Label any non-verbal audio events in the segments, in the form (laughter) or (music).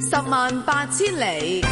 十萬八千里。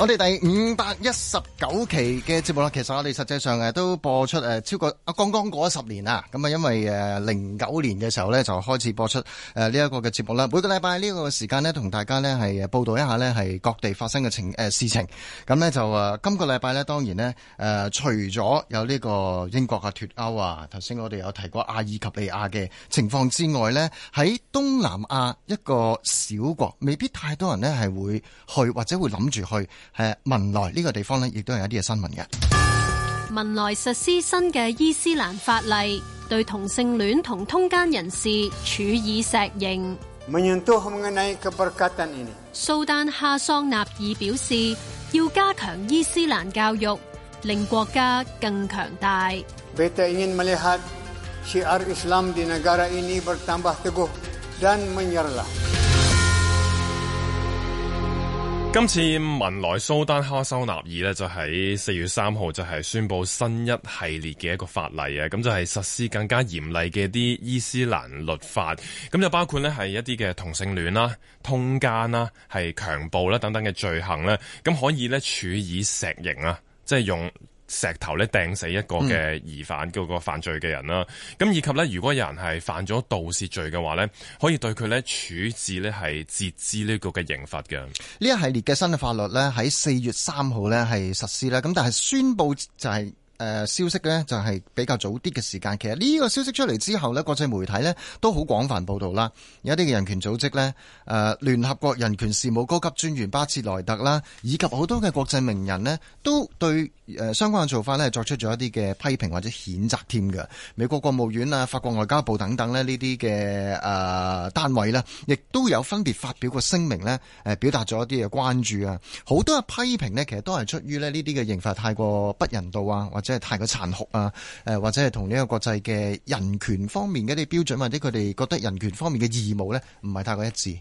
我哋第五百一十九期嘅節目啦，其實我哋實際上誒都播出誒超過阿剛剛過咗十年啦，咁啊因為誒零九年嘅時候咧就開始播出誒呢一個嘅節目啦。每個禮拜呢個時間咧同大家咧係報道一下呢係各地發生嘅情誒事情，咁咧就誒今個禮拜咧當然呢，誒除咗有呢個英國嘅脫歐啊，頭先我哋有提過阿爾及利亞嘅情況之外咧，喺東南亞一個小國，未必太多人呢係會去或者會諗住去。誒，文萊呢個地方呢，亦都係一啲嘅新聞嘅。文萊實施新嘅伊斯蘭法例，對同性戀同通奸人士處以石刑。蘇 (noise) 丹哈桑納爾表示，要加強伊斯蘭教育，令國家更強大。 (noise) 今次文萊蘇丹哈修納爾呢就喺四月三號就係宣布新一系列嘅一個法例啊，咁就係實施更加嚴厲嘅啲伊斯蘭律法，咁就包括呢係一啲嘅同性戀啦、啊、通奸啦、啊、係強暴啦、啊、等等嘅罪行啦，咁可以呢處以石刑啊，即係用。石頭咧掟死一個嘅疑犯，個個犯罪嘅人啦。咁、嗯、以及呢，如果有人係犯咗盜竊罪嘅話呢，可以對佢呢處置呢係截肢呢個嘅刑罰嘅。呢一系列嘅新嘅法律呢，喺四月三號呢係實施啦。咁但係宣佈就係、是呃、消息呢，就係比較早啲嘅時間。其實呢個消息出嚟之後呢，國際媒體呢都好廣泛報道啦。有一啲嘅人權組織呢，誒、呃、聯合國人權事務高級專員巴切萊特啦，以及好多嘅國際名人呢都對。誒相關嘅做法呢，作出咗一啲嘅批評或者譴責添嘅。美國國務院啊、法國外交部等等呢，呢啲嘅誒單位呢，亦都有分別發表過聲明呢、呃、表達咗一啲嘅關注啊。好多嘅批評呢，其實都係出於呢呢啲嘅刑罰，太過不人道啊，或者係太過殘酷啊，或者係同呢個國際嘅人權方面嘅啲標準或者佢哋覺得人權方面嘅義務呢，唔係太過一致。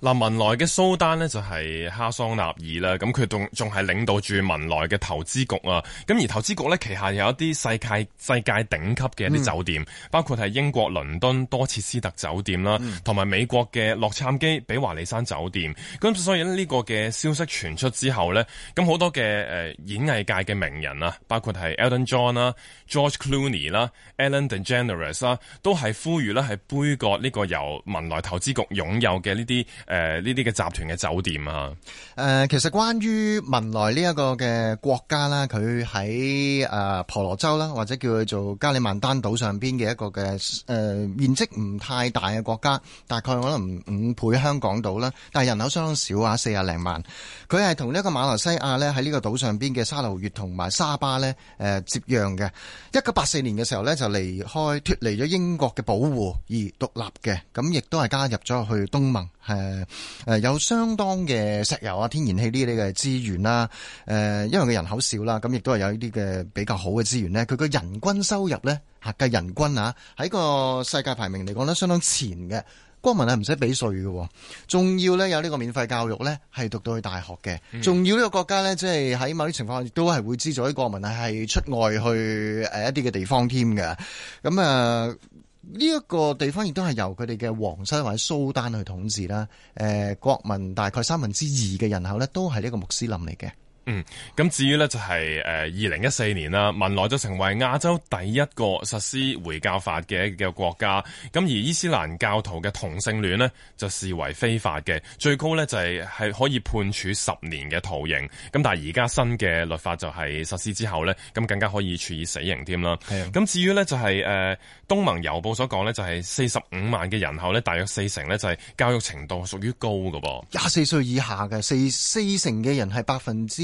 嗱，汶萊嘅蘇丹呢，就係哈桑納爾啦，咁佢仲仲係領導住汶萊嘅投資局。咁而投資局咧，旗下有一啲世界世界頂級嘅一啲酒店，嗯、包括係英國倫敦多切斯特酒店啦，同、嗯、埋美國嘅洛杉磯比華利山酒店。咁所以呢個嘅消息傳出之後呢，咁好多嘅、呃、演藝界嘅名人啊，包括係 Elton John 啦、George Clooney 啦、Ellen DeGeneres 啦，都係呼籲咧，係杯葛呢個由文萊投資局擁有嘅呢啲誒呢啲嘅集團嘅酒店啊、呃。其實關於文萊呢一個嘅國家啦，佢佢喺誒婆羅洲啦，或者叫佢做加里曼丹島上邊嘅一個嘅誒、呃、面積唔太大嘅國家，大概可能五倍香港島啦，但係人口相當少啊，四廿零萬，佢係同呢個馬來西亞咧喺呢個島上邊嘅沙勞越同埋沙巴咧誒、呃、接壤嘅。一九八四年嘅時候咧就離開脱離咗英國嘅保護而獨立嘅，咁亦都係加入咗去東盟。係、呃、誒有相當嘅石油啊、天然氣呢啲嘅資源啦。誒、呃、因為佢人口少啦咁。亦都係有呢啲嘅比較好嘅資源咧，佢個人均收入咧嚇計人均啊，喺個世界排名嚟講咧相當前嘅。國民係唔使俾稅嘅，仲要咧有呢個免費教育咧，係讀到去大學嘅。仲要呢個國家咧，即係喺某啲情況下亦都係會資助啲國民啊，係出外去誒一啲嘅地方添嘅。咁啊呢一個地方亦都係由佢哋嘅皇室或者蘇丹去統治啦。誒國民大概三分之二嘅人口咧，都係呢個穆斯林嚟嘅。嗯，咁至於呢、就是，就係誒二零一四年啦，文萊就成為亞洲第一個實施回教法嘅嘅國家。咁而伊斯蘭教徒嘅同性戀呢，就視為非法嘅，最高呢，就係可以判處十年嘅徒刑。咁但係而家新嘅律法就係實施之後呢，咁更加可以處以死刑添啦。係啊。咁至於呢、就是，就係誒東盟郵報所講呢，就係四十五萬嘅人口呢，大約四成呢，就係教育程度屬於高㗎噃。廿四歲以下嘅四四成嘅人係百分之。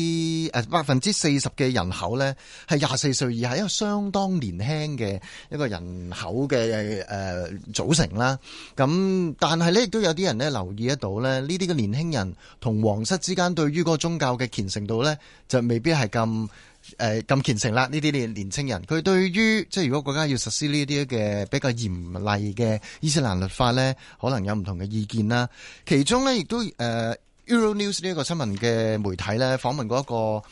啲誒百分之四十嘅人口呢，係廿四歲以下，一個相當年輕嘅一個人口嘅誒組成啦。咁但係呢，亦都有啲人呢，留意得到呢，呢啲嘅年輕人同皇室之間對於嗰個宗教嘅虔誠度呢，就未必係咁誒咁虔誠啦。呢啲年年輕人佢對於即係如果國家要實施呢啲嘅比較嚴厲嘅伊斯蘭律法呢，可能有唔同嘅意見啦。其中呢，亦都、呃 Euro News 呢一個新聞嘅媒體呢訪問過一個誒，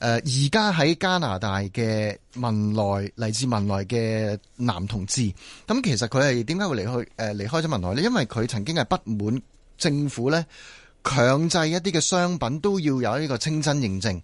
而家喺加拿大嘅文萊，嚟自文萊嘅男同志。咁其實佢係點解會離開？誒、呃，離開咗文萊呢？因為佢曾經係不滿政府呢強制一啲嘅商品都要有呢個清真認證。誒、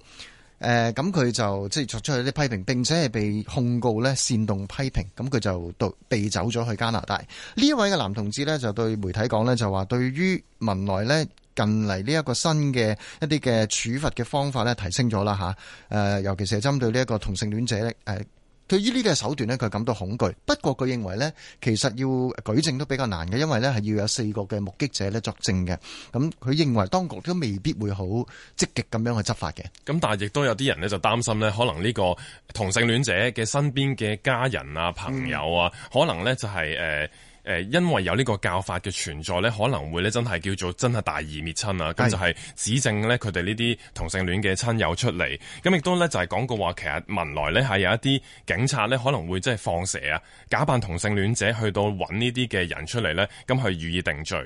呃，咁佢就即係作出一啲批評，並且係被控告呢煽動批評。咁佢就被走咗去加拿大。呢一位嘅男同志呢，就對媒體講呢，就話對於文萊呢。近嚟呢一個新嘅一啲嘅處罰嘅方法咧，提升咗啦嚇。誒，尤其是係針對呢一個同性戀者咧。誒、呃，對於呢啲嘅手段呢，佢感到恐懼。不過佢認為呢，其實要舉證都比較難嘅，因為呢係要有四個嘅目擊者呢作證嘅。咁佢認為當局都未必會好積極咁樣去執法嘅。咁但係亦都有啲人呢，就擔心呢，可能呢個同性戀者嘅身邊嘅家人啊、朋友啊、嗯，可能呢就係、是呃誒，因為有呢個教法嘅存在咧，可能會咧真係叫做真係大義滅親啊！咁就係指證咧佢哋呢啲同性戀嘅親友出嚟，咁亦都咧就係講過話，其實汶萊咧係有一啲警察咧可能會即係放蛇啊，假扮同性戀者去到揾呢啲嘅人出嚟呢咁去予以定罪。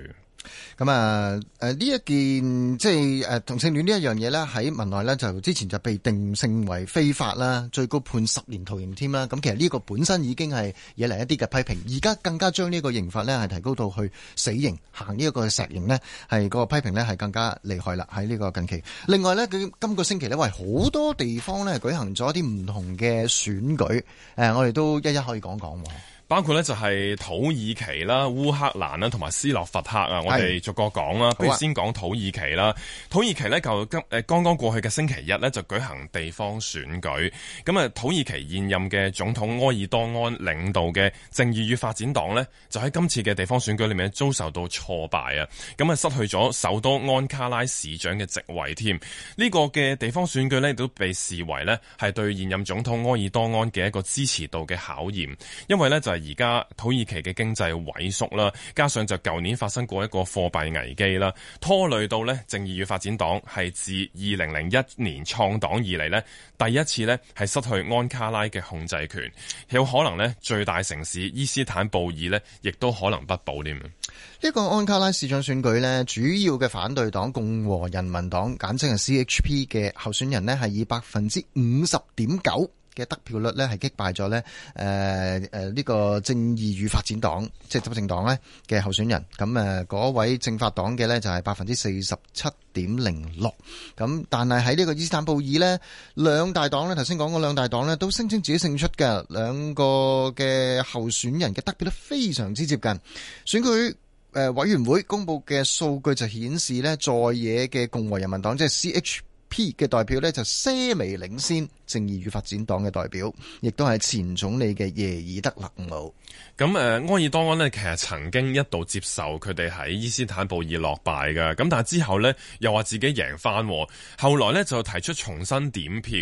咁啊，誒、呃、呢一件即係誒、呃、同性戀呢一樣嘢咧，喺汶萊咧就之前就被定性為非法啦，最高判十年徒刑添啦。咁其實呢個本身已經係惹嚟一啲嘅批評，而家更加將呢個刑法咧係提高到去死刑，行呢一個石刑呢係個批評呢係更加厲害啦。喺呢個近期，另外咧佢今個星期咧喂好多地方咧舉行咗一啲唔同嘅選舉，誒、呃、我哋都一一可以講講講講。包括呢就係土耳其啦、烏克蘭啦、同埋斯洛伐克啊，我哋逐個講啦。不如先講土耳其啦，啊。土耳其呢，就今誒剛剛過去嘅星期一呢，就舉行地方選舉。咁啊土耳其現任嘅總統埃爾多安領導嘅正義與發展黨呢，就喺今次嘅地方選舉裏面遭受到挫敗啊！咁啊失去咗首都安卡拉市長嘅職位添。呢、呢個嘅地方選舉呢都被視為呢係對現任總統埃爾多安嘅一個支持度嘅考驗，因為呢就係、是。而家土耳其嘅經濟萎縮啦，加上就舊年發生過一個貨幣危機啦，拖累到呢正義與發展黨係自二零零一年創黨以嚟呢第一次呢係失去安卡拉嘅控制權，有可能呢最大城市伊斯坦布爾呢亦都可能不保添。呢、這個安卡拉市長選舉呢主要嘅反對黨共和人民黨簡稱係 CHP 嘅候選人呢係以百分之五十點九嘅得票率呢，係擊敗咗呢誒呢個正義與發展黨，即執政黨呢嘅候選人。咁誒嗰位政法黨嘅呢，就係百分之四十七點零六。咁但係喺呢個伊斯坦布爾呢，兩大黨呢，頭先講過兩大黨呢，都聲稱自己勝出嘅兩個嘅候選人嘅得票率非常之接近。選舉委員會公布嘅數據就顯示呢，在野嘅共和人民黨，即係 CH。P 嘅代表呢，就稍微領先，正義與發展黨嘅代表，亦都係前總理嘅耶爾德勒姆。咁誒、呃，埃爾多安呢，其實曾經一度接受佢哋喺伊斯坦布爾落敗嘅，咁但係之後呢，又話自己贏返，後來呢，就提出重新點票，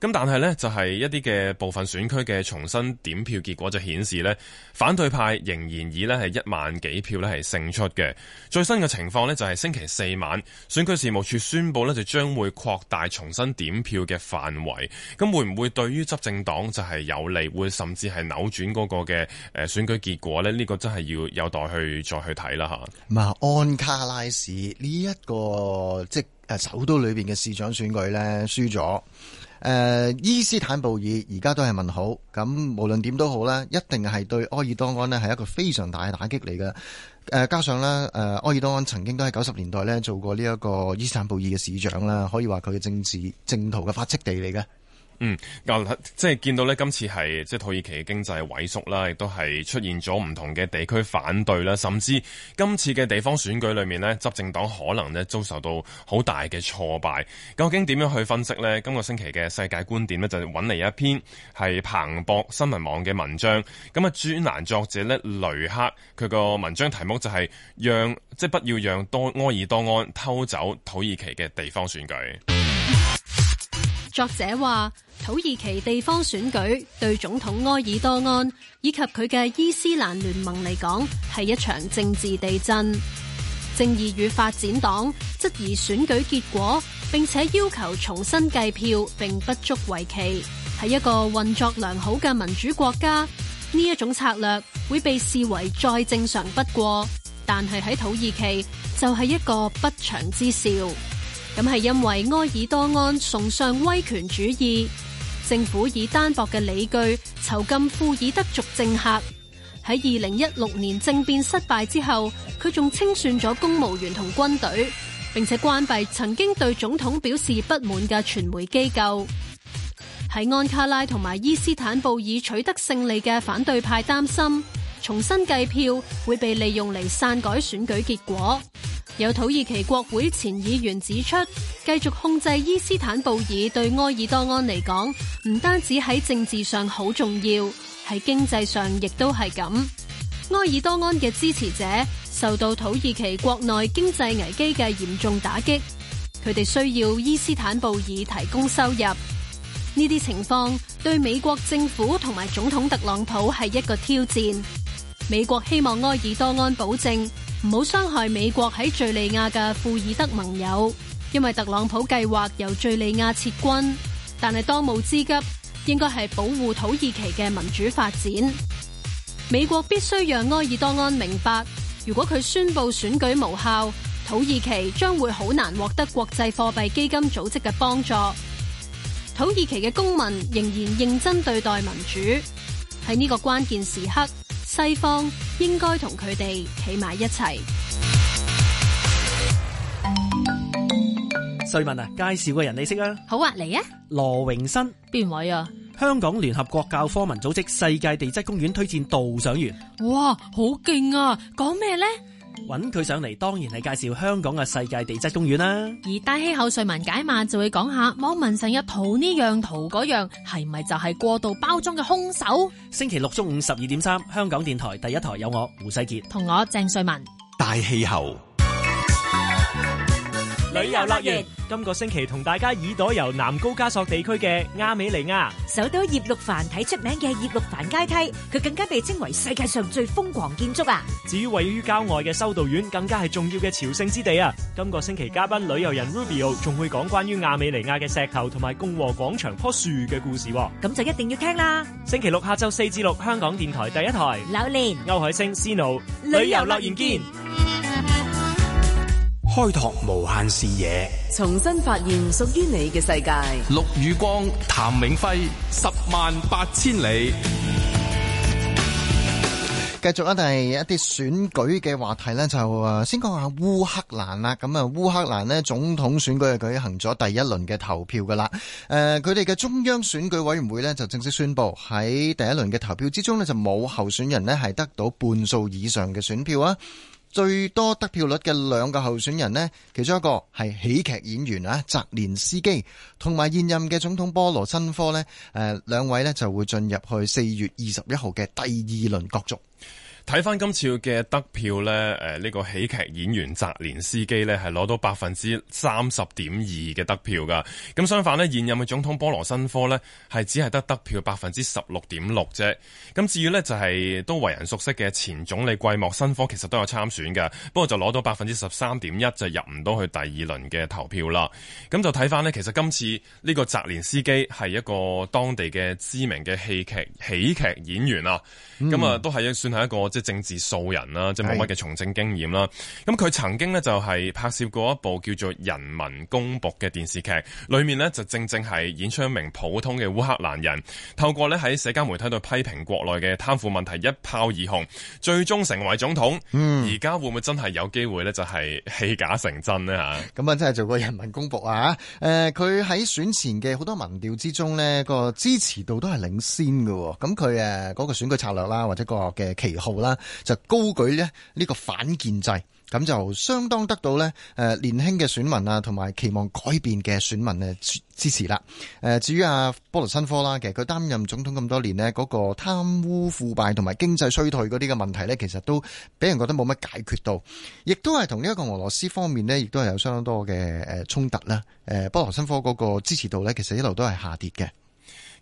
咁但係呢，就係、是、一啲嘅部分選區嘅重新點票結果就顯示呢，反對派仍然以呢係一萬幾票呢係勝出嘅。最新嘅情況呢，就係、是、星期四晚選區事務處宣布呢，就將會擴大重新點票嘅範圍，咁會唔會對於執政黨就係有利，會甚至係扭轉嗰個嘅誒選舉結果呢？呢、呢個真係要有待去再去睇啦，吓。咁安卡拉市呢一、呢個即係首都裏邊嘅市長選舉呢，輸咗。誒、呃、伊斯坦布爾而家都係問號，咁，無論點都好啦，一定係對埃爾多安咧係一個非常大嘅打擊嚟嘅。誒、呃、加上咧，誒、呃、埃爾多安曾經都喺九十年代呢做過呢一個伊斯坦布爾嘅市長啦，可以話佢嘅政治正途嘅發跡地嚟嘅。嗯，即係見到呢今次係即係土耳其嘅經濟萎縮啦，亦都係出現咗唔同嘅地區反對啦，甚至今次嘅地方選舉裏面呢，執政黨可能咧遭受到好大嘅挫敗。究竟點樣去分析呢？今個星期嘅世界觀點呢就係搵嚟一篇係彭博新聞網嘅文章，咁啊專欄作者呢雷克，佢個文章題目就係、是、讓即係、就是、不要讓多埃爾多安偷走土耳其嘅地方選舉。作者話。土耳其地方選舉對總統埃爾多安以及佢嘅伊斯蘭聯盟嚟講係一場政治地震。正義與發展黨質疑選舉結果，並且要求重新計票，並不足為奇。喺係一個運作良好嘅民主國家，呢一種策略會被視為再正常不過。但係喺土耳其就係一個不祥之兆。咁係因為埃爾多安崇尚威權主義。政府以單薄嘅理據囚禁庫爾德族政客。喺二零一六年政變失敗之後，佢仲清算咗公務員同軍隊，並且關閉曾經對總統表示不滿嘅傳媒機構。喺安卡拉同埋伊斯坦布爾取得勝利嘅反對派擔心。重新計票會被利用嚟篡改選舉結果。有土耳其國會前議員指出，繼續控制伊斯坦布爾對埃爾多安嚟講，唔單止喺政治上好重要，喺經濟上亦都係咁。埃爾多安嘅支持者受到土耳其國內經濟危機嘅嚴重打擊，佢哋需要伊斯坦布爾提供收入。呢啲情況對美國政府同埋總統特朗普係一個挑戰。美國希望埃爾多安保證唔好傷害美國喺敘利亞嘅庫爾德盟友，因為特朗普計劃由敘利亞撤軍，但係當務之急應該係保護土耳其嘅民主發展。美國必須讓埃爾多安明白，如果佢宣布選舉無效，土耳其將會好難獲得國際貨幣基金組織嘅幫助。土耳其嘅公民仍然認真對待民主，喺呢個關鍵時刻。西方應該同佢哋企埋一齊。瑞文啊，介紹個人你識啦。啊，好啊，嚟啊，羅榮新，邊位啊？香港聯合國教科文組織世界地質公園推薦導賞員。哇，好勁啊！講咩呢？揾佢上嚟當然係介紹香港嘅世界地質公園啦。而大氣候瑞文解碼就會講下網民成日圖呢樣圖嗰樣係咪就係過度包裝嘅凶手？星期六中午十二點三，香港電台第一台有我胡世杰同我鄭瑞文大氣候。旅遊樂園，今個星期同大家耳朵遊南高加索地區嘅亞美尼亞，首都葉綠凡睇出名嘅葉綠凡階梯，佢更加被稱為世界上最瘋狂建築啊！至於位於郊外嘅修道院，更加係重要嘅朝聖之地啊！今個星期嘉賓旅遊人 Rubio 仲會講關於亞美尼亞嘅石頭同埋共和廣場棵樹嘅故事，咁就一定要聽啦！星期六下晝四至六，香港電台第一台，劉年、歐海星、Sino 旅遊樂園見。開拓無限視野，重新發現屬於你嘅世界。陸宇光、譚永輝，十萬八千里。繼續啊，第一啲選舉嘅話題呢，就先講下烏克蘭啦。咁啊，烏克蘭呢總統選舉係舉行咗第一輪嘅投票噶啦。誒，佢哋嘅中央選舉委員會呢，就正式宣布喺第一輪嘅投票之中呢，就冇候選人呢係得到半數以上嘅選票啊。最多得票率嘅兩個候選人呢，其中一個係喜劇演員啊，澤連斯基，同埋現任嘅總統波羅申科呢，誒兩位呢就會進入去四月二十一號嘅第二輪角逐。睇翻今次嘅得票呢，呢、呢個喜劇演員澤連斯基呢係攞到百分之三十點二嘅得票㗎。咁相反呢，現任嘅總統波羅申科呢係只係得得票百分之十六點六啫。咁至於呢，就係、係、都為人熟悉嘅前總理季莫申科，其實都有參選嘅，不過就攞到百分之十三點一就入唔到去第二輪嘅投票啦。咁就睇翻呢，其實今次呢個澤連斯基係一個當地嘅知名嘅喜劇喜劇演員啊。咁、嗯、啊都係算係一個政治素人啦，即係冇乜嘅從政經驗啦。咁佢曾經咧就係拍攝過一部叫做《人民公僕》嘅電視劇，裏面咧就正正係演出一名普通嘅烏克蘭人，透過咧喺社交媒體度批評國內嘅貪腐問題，一炮而紅，最終成為總統。嗯，而家會唔會真係有機會咧就係戲假成真咧吓？咁啊，真係做過《人民公僕》啊？誒、呃，佢喺選前嘅好多民調之中咧、個支持度都係領先噶。咁佢誒嗰個選舉策略啦、啊，或者個嘅旗號。啦，就高舉呢個反建制，咁就相當得到呢誒年輕嘅選民啊，同埋期望改變嘅選民嘅支持啦。誒，至於阿波羅新科啦，其實佢擔任總統咁多年呢，嗰、嗰個貪污腐敗同埋經濟衰退嗰啲嘅問題呢，其實都俾人覺得冇乜解決到，亦都係同呢一個俄羅斯方面呢，亦都係有相當多嘅誒衝突啦。誒，波羅申科嗰個支持度呢，其實一路都係下跌嘅。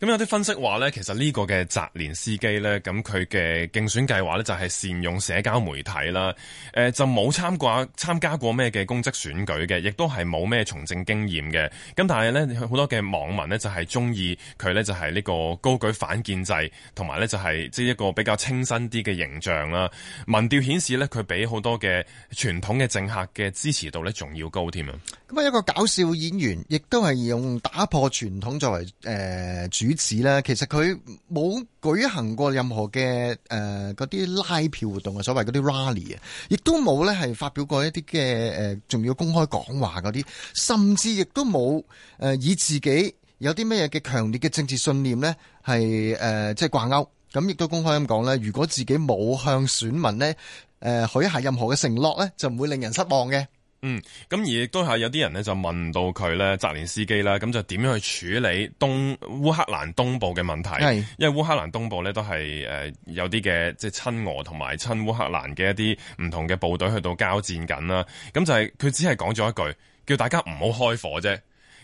咁、嗯、有啲分析話咧，其實呢個嘅雜聯司機咧，咁佢嘅競選計劃咧就係、是、善用社交媒體啦，呃、就冇參,參加過咩嘅公職選舉嘅，亦都係冇咩從政經驗嘅。咁但係咧，好多嘅網民呢，就係中意佢咧，就係、是、呢個高舉反建制，同埋咧就係即係一個比較清新啲嘅形象啦。民調顯示咧，佢比好多嘅傳統嘅政客嘅支持度咧仲要高添啊！咁啊，一個搞笑演員，亦都係用打破傳統作為誒、呃如此咧，其實佢冇舉行過任何嘅誒嗰啲拉票活動啊，所謂嗰啲 rally 啊，亦都冇咧係發表過一啲嘅誒，重要公開講話嗰啲，甚至亦都冇誒以自己有啲咩嘢嘅強烈嘅政治信念呢係誒即係掛鈎，咁亦都公開咁講咧，如果自己冇向選民呢誒、呃、許下任何嘅承諾咧，就唔會令人失望嘅。嗯，咁而亦都係有啲人咧就問到佢咧澤連斯基啦，咁就點樣去處理東烏克蘭東部嘅問題？係，因為烏克蘭東部咧都係誒、呃、有啲嘅即係親俄親烏同埋親烏克蘭嘅一啲唔同嘅部隊去到交戰緊啦。咁就係佢只係講咗一句，叫大家唔好開火啫。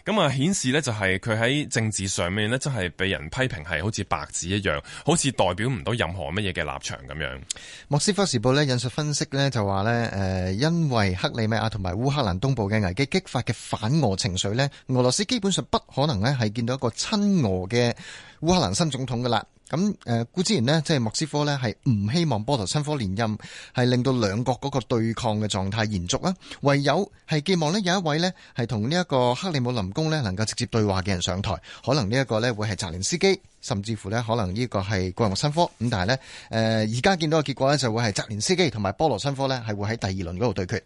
咁啊，顯示呢就係佢喺政治上面呢，真係被人批評係好似白紙一樣，好似代表唔到任何乜嘢嘅立場咁樣。莫斯科時報呢引述分析呢，就話呢，誒，因為克里米亞同埋烏克蘭東部嘅危機激發嘅反俄情緒呢，俄羅斯基本上不可能呢係見到一個親俄嘅烏克蘭新總統㗎喇。咁誒，固、呃、之然呢，即係莫斯科呢，係唔希望波羅申科連任，係令到兩國嗰個對抗嘅狀態延續啦。唯有係寄望呢，有一位呢，係同呢一個克里姆林宮呢能夠直接對話嘅人上台，可能呢一個呢，會係澤連斯基，甚至乎呢，可能呢個係季莫申科。咁但係呢，誒而家見到嘅結果呢，就會係澤連斯基同埋波羅申科呢，係會喺第二輪嗰度對決。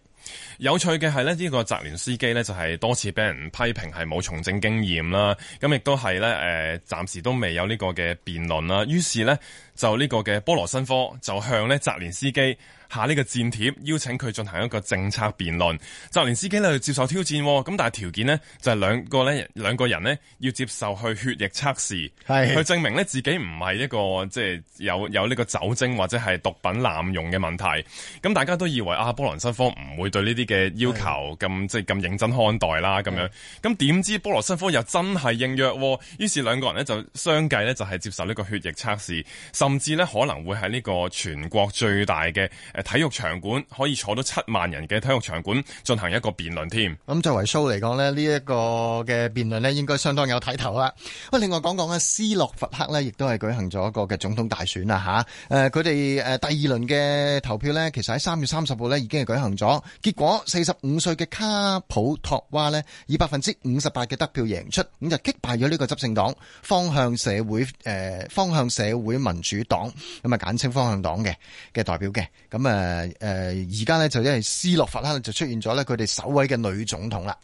有趣嘅係咧，呢個澤連斯基呢就係多次俾人批評係冇從政經驗啦，咁亦都係呢，誒、呃，暫時都未有呢個嘅辯論啦。於是呢，就呢個嘅波羅申科就向呢澤連斯基。下呢個戰帖，邀請佢進行一個政策辯論。就連司機呢去接受挑戰，咁但係條件呢，就係、是、兩個呢，兩個人呢要接受去血液測試，係去證明呢自己唔係一個即係有有呢個酒精或者係毒品濫用嘅問題。咁大家都以為阿、啊、波羅申科唔會對呢啲嘅要求咁即係咁認真看待啦，咁樣。咁點知波羅申科又真係應約，於是兩個人呢就相繼呢，就係、是、接受呢個血液測試，甚至呢可能會喺呢個全國最大嘅。誒體育場館可以坐到七萬人嘅體育場館進行一個辯論添。咁作為 show 嚟講呢，呢一個嘅辯論呢應該相當有睇頭啦。另外講講啊，斯洛伐克呢亦都係舉行咗一個嘅總統大選啊嚇。誒，佢哋誒第二輪嘅投票呢，其實喺三月三十號呢已經係舉行咗，結果四十五歲嘅卡普托娃呢，以百分之五十八嘅得票贏出，咁就擊敗咗呢個執政黨方向社會方向社會民主黨咁啊簡稱方向黨嘅嘅代表嘅咁誒誒，而家咧就因為斯洛伐克就出現咗咧，佢哋首位嘅女總統啦。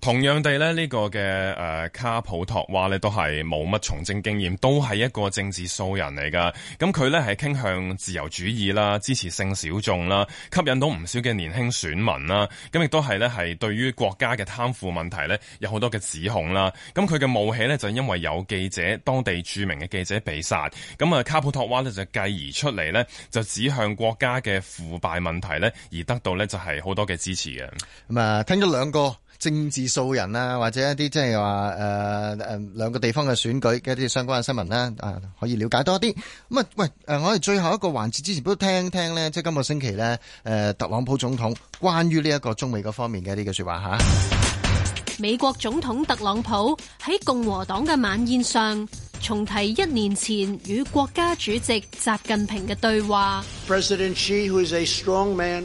同樣地呢呢、呢個嘅誒、呃、卡普托娃呢都係冇乜從政經驗，都係一個政治素人嚟噶。咁佢呢係傾向自由主義啦，支持性小眾啦，吸引到唔少嘅年輕選民啦。咁亦都係呢係對於國家嘅貪腐問題呢，有好多嘅指控啦。咁佢嘅冒起呢，就因為有記者當地著名嘅記者被殺，咁啊卡普托娃呢，就繼而出嚟呢，就指向國家嘅腐敗問題呢，而得到呢，就係、是、好多嘅支持嘅。咁啊，聽咗兩個。政治素人啊，或者一啲即係話誒誒，兩個地方嘅選舉嘅一啲相關嘅新聞啦，啊可以了解多啲。咁啊喂誒、呃，我哋最後一個環節之前都聽聽咧，即係今個星期咧，誒、呃、特朗普總統關於呢一個中美嗰方面嘅一啲嘅說話吓、啊。美國總統特朗普喺共和黨嘅晚宴上重提一年前與國家主席習近平嘅對話。President Xi, who is a strong man.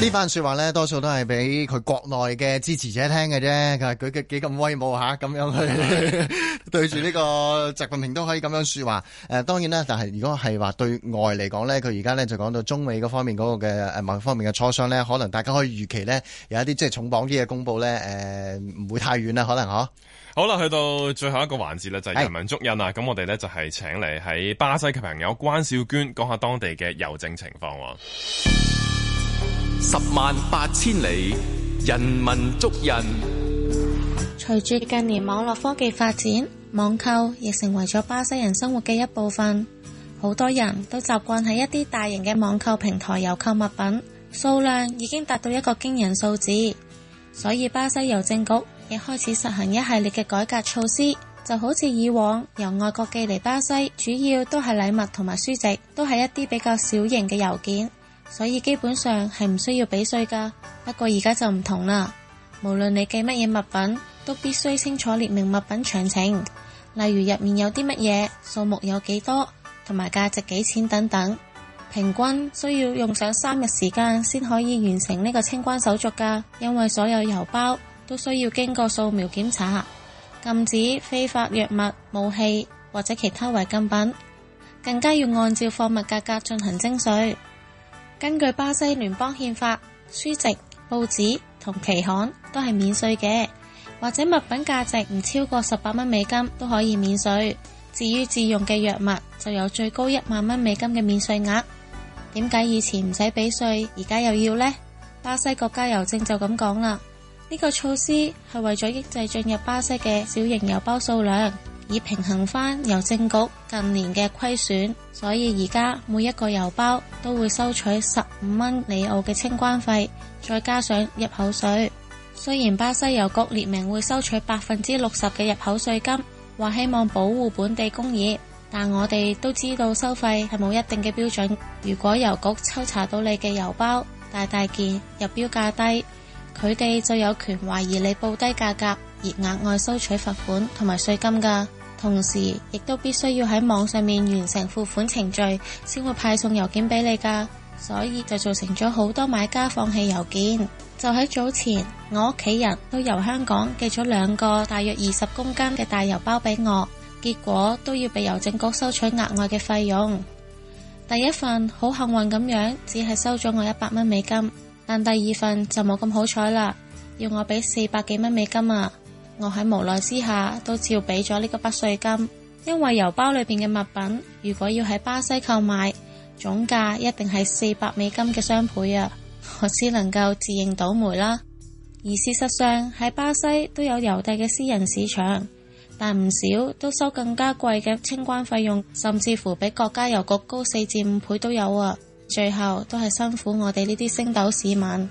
呢、嗯、番說話咧，多數都係俾佢國內嘅支持者聽嘅啫。佢係幾幾咁威武吓，咁、啊、樣去 (laughs) (laughs) 對住呢個習近平都可以咁樣說話。誒、呃，當然啦，但係如果係話對外嚟講咧，佢而家咧就講到中美嗰方面嗰個嘅誒某方面嘅磋商咧，可能大家可以預期咧有一啲即係重磅啲嘅公布咧，誒、呃、唔會太遠啦，可能嗬、啊。好啦，去到最後一個環節啦，就係、是、人文足印啊！咁、哎、我哋咧就係請嚟喺巴西嘅朋友關少娟講下當地嘅郵政情況。十萬八千里，人文足印。隨住近年網絡科技發展，網購亦成為咗巴西人生活嘅一部分。好多人都習慣喺一啲大型嘅網購平台郵購物品，數量已經達到一個驚人數字。所以巴西郵政局亦開始實行一系列嘅改革措施，就好似以往由外國寄嚟巴西，主要都係禮物同埋書籍，都係一啲比較小型嘅郵件。所以基本上係唔需要俾稅噶。不過而家就唔同啦，無論你寄乜嘢物品，都必須清楚列明物品詳情，例如入面有啲乜嘢，數目有幾多，同埋價值幾錢等等。平均需要用上三日時間先可以完成呢個清關手續噶，因為所有郵包都需要經過掃描檢查，禁止非法藥物、武器或者其他違禁品，更加要按照貨物價格進行徵稅。根據巴西聯邦憲法，書籍、報紙同期刊都係免稅嘅，或者物品價值唔超過十八蚊美金都可以免稅。至於自用嘅藥物就有最高一萬蚊美金嘅免稅額。點解以前唔使俾稅，而家又要呢？巴西國家郵政就咁講啦。呢個措施係為咗抑制進入巴西嘅小型郵包數量。以平衡翻郵政局近年嘅虧損，所以而家每一個郵包都會收取十五蚊里奧嘅清關費，再加上入口稅。雖然巴西郵局列明會收取百分之六十嘅入口稅金，話希望保護本地工業，但我哋都知道收費係冇一定嘅標準。如果郵局抽查到你嘅郵包大大件入標價低，佢哋就有權懷疑你報低價格而額外收取罰款同埋稅金㗎。同時，亦都必須要喺網上面完成付款程序，先會派送郵件俾你噶。所以就造成咗好多買家放棄郵件。就喺早前，我屋企人都由香港寄咗兩個大約二十公斤嘅大郵包俾我，結果都要被郵政局收取額外嘅費用。第一份好幸運咁樣，只係收咗我一百蚊美金，但第二份就冇咁好彩啦，要我俾四百幾蚊美金啊！我喺無奈之下都照俾咗呢個筆稅金，因為郵包裏邊嘅物品如果要喺巴西購買，總價一定係四百美金嘅雙倍啊！我只能夠自認倒霉啦。而事實上喺巴西都有郵遞嘅私人市場，但唔少都收更加貴嘅清關費用，甚至乎比國家郵局高四至五倍都有啊！最後都係辛苦我哋呢啲星斗市民。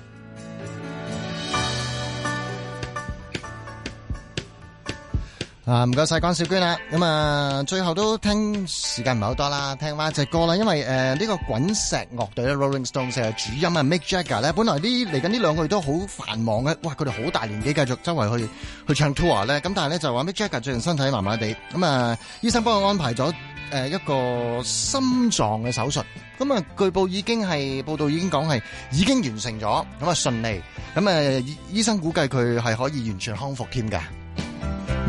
啊，唔該晒關少娟啦。咁啊，最後都聽時間唔係好多啦，聽翻隻歌啦。因為誒呢、呃這個滾石樂隊 Rolling Stones 嘅主音啊、mm-hmm.，Mick Jagger 咧，本來嚟緊呢兩個月都好繁忙嘅。哇，佢哋好大年紀，繼續周圍去去唱 tour 咧。咁但係咧就話 Mick Jagger 最近身體麻麻地。咁啊、呃，醫生幫佢安排咗誒、呃、一個心臟嘅手術。咁啊，據報已經係報道已經講係已經完成咗。咁啊順利。咁誒、呃，醫生估計佢係可以完全康復添嘅。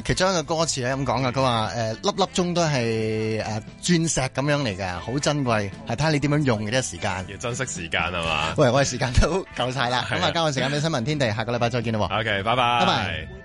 其中一個歌詞咧咁講㗎，佢話誒粒粒鐘都係誒、呃、鑽石咁樣嚟嘅，好珍貴，係睇下你點樣用嘅呢個時間，要珍惜時間係嘛？ (laughs) 喂，我哋時間都夠晒啦，咁 (laughs) 啊交換時間俾新聞天地，下個禮拜再見咯。OK，拜拜。拜。